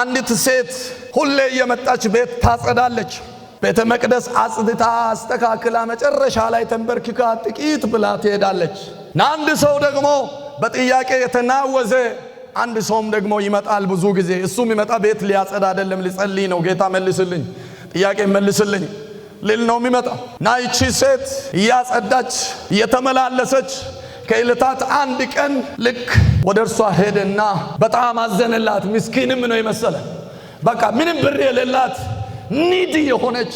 አንዲት ሴት ሁሌ እየመጣች ቤት ታጸዳለች። ቤተ መቅደስ አጽድታ አስተካክላ መጨረሻ ላይ ተንበርክካ ጥቂት ብላ ትሄዳለች። አንድ ሰው ደግሞ በጥያቄ የተናወዘ አንድ ሰውም ደግሞ ይመጣል። ብዙ ጊዜ እሱም ይመጣ ቤት ሊያጸዳ አይደለም፣ ሊጸልይ ነው። ጌታ መልስልኝ፣ ጥያቄ መልስልኝ ሊል ነው የሚመጣ ናይቺ ሴት እያጸዳች እየተመላለሰች ከዕለታት አንድ ቀን ልክ ወደ እርሷ ሄደና በጣም አዘነላት። ምስኪንም ነው የመሰለ በቃ ምንም ብር የሌላት ኒድ የሆነች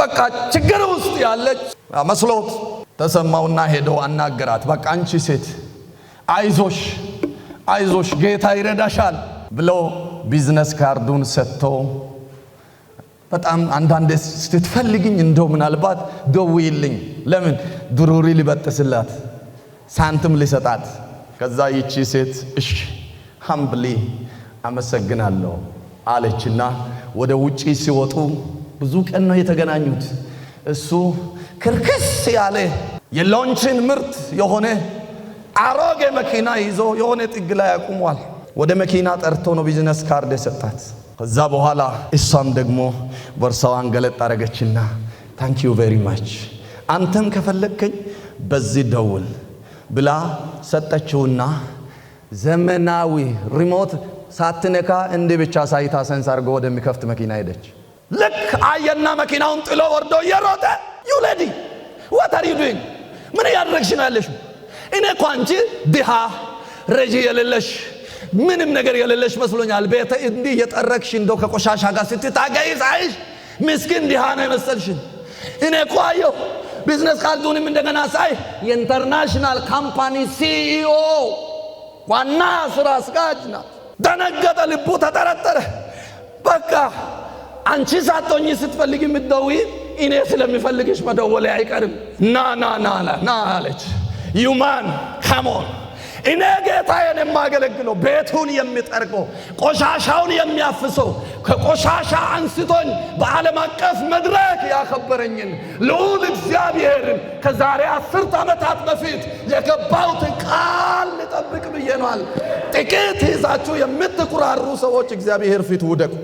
በቃ ችግር ውስጥ ያለች መስሎት ተሰማውና ሄደው አናገራት። በቃ አንቺ ሴት አይዞሽ አይዞሽ ጌታ ይረዳሻል ብሎ ቢዝነስ ካርዱን ሰጥቶ በጣም አንዳንድ ስትፈልግኝ እንደው ምናልባት ደውይልኝ ለምን ድሩሪ ሊበጥስላት ሳንትም ሊሰጣት ከዛ ይቺ ሴት እሺ ሀምብሊ አመሰግናለሁ አለችና ወደ ውጪ ሲወጡ ብዙ ቀን ነው የተገናኙት። እሱ ክርክስ ያለ የሎንችን ምርት የሆነ አሮጌ መኪና ይዞ የሆነ ጥግ ላይ ያቁሟል። ወደ መኪና ጠርቶ ነው ቢዝነስ ካርድ የሰጣት። ከዛ በኋላ እሷም ደግሞ ቦርሳዋን ገለጥ አረገችና ታንኪዩ ቬሪ ማች አንተም ከፈለግከኝ በዚህ ደውል ብላ ሰጠችውና ዘመናዊ ሪሞት ሳትነካ እንደ ብቻ ሳይታ ሰንስ አድርጎ ወደሚከፍት መኪና ሄደች። ልክ አየና መኪናውን ጥሎ ወርዶ እየሮጠ አር ወተር ዱንግ ምን እያደረግሽ ነው ያለሽ? እኔ እኮ አንቺ ድሃ ረጂ የሌለሽ ምንም ነገር የሌለሽ መስሎኛል። ቤተ እንዲህ እየጠረግሽ እንደው ከቆሻሻ ጋር ስትታገይ ሳይሽ ምስኪን ድሃ ነው የመሰልሽን። እኔ እኮ አየሁ ቢዝነስ ካርዱንም እንደገና ሳይ የኢንተርናሽናል ካምፓኒ ሲኢኦ ዋና ስራ አስጋጅ ናት። ደነገጠ፣ ልቡ ተጠረጠረ። በቃ አንቺ ሳቶኝ ስትፈልግ የምትደውይ እኔ ስለሚፈልግሽ መደወሌ አይቀርም። ና ና ና ና አለች ዩማን ካሞን እኔ ጌታዬን የማገለግለው ቤቱን የሚጠርቀው ቆሻሻውን የሚያፍሰው ከቆሻሻ አንስቶኝ በዓለም አቀፍ መድረክ ያከበረኝን ልዑል እግዚአብሔርን ከዛሬ አስርት ዓመታት በፊት የገባሁትን ቃል ልጠብቅ ብዬ ነዋል። ጥቂት ይዛችሁ የምትኩራሩ ሰዎች እግዚአብሔር ፊት ውደቁ።